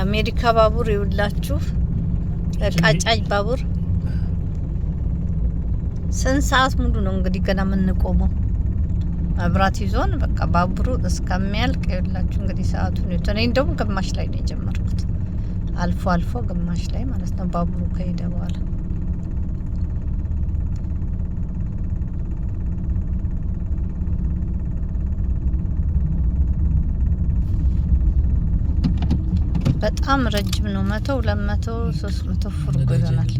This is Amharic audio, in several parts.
የአሜሪካ ባቡር ይውላችሁ ቃጫጅ ባቡር ስንት ሰዓት ሙሉ ነው እንግዲህ ገና የምንቆመው መብራት ይዞን በቃ ባቡሩ እስከሚያልቅ ይውላችሁ እንግዲህ ሰዓቱን ይወቶ እኔ እንደውም ግማሽ ላይ ነው የጀመርኩት አልፎ አልፎ ግማሽ ላይ ማለት ነው ባቡሩ ከሄደ በኋላ በጣም ረጅም ነው። መቶ ሁለት መቶ ሶስት መቶ ፉርጎ ይሆናል።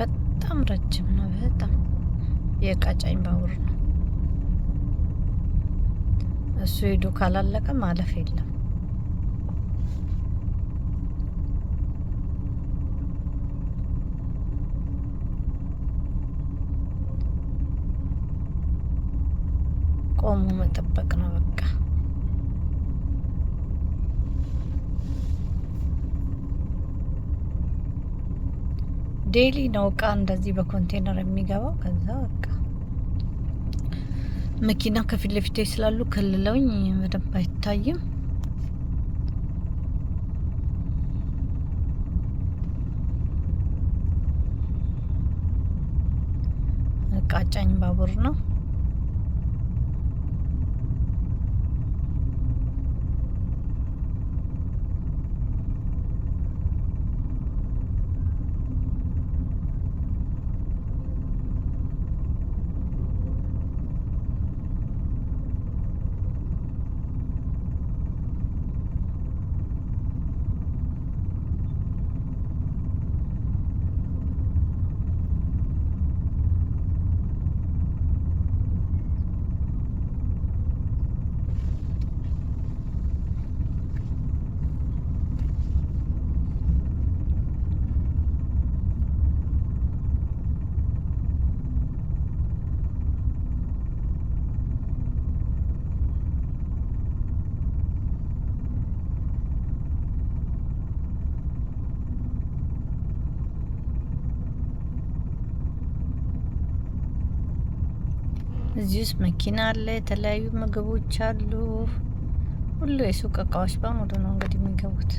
በጣም ረጅም ነው። የቃጫኝ ባቡር ነው። እሱ ሄዶ ካላለቀ ማለፍ የለም። ቆሞ መጠበቅ ነው በቃ። ዴሊ ነው እቃ እንደዚህ በኮንቴነር የሚገባው። ከዛ በቃ መኪና ከፊት ለፊት ስላሉ ከልለውኝ በደንብ አይታይም። እቃ ጫኝ ባቡር ነው። እዚህ ውስጥ መኪና አለ፣ የተለያዩ ምግቦች አሉ። ሁሉ የሱቅ እቃዎች በሙሉ ነው እንግዲህ የሚገቡት።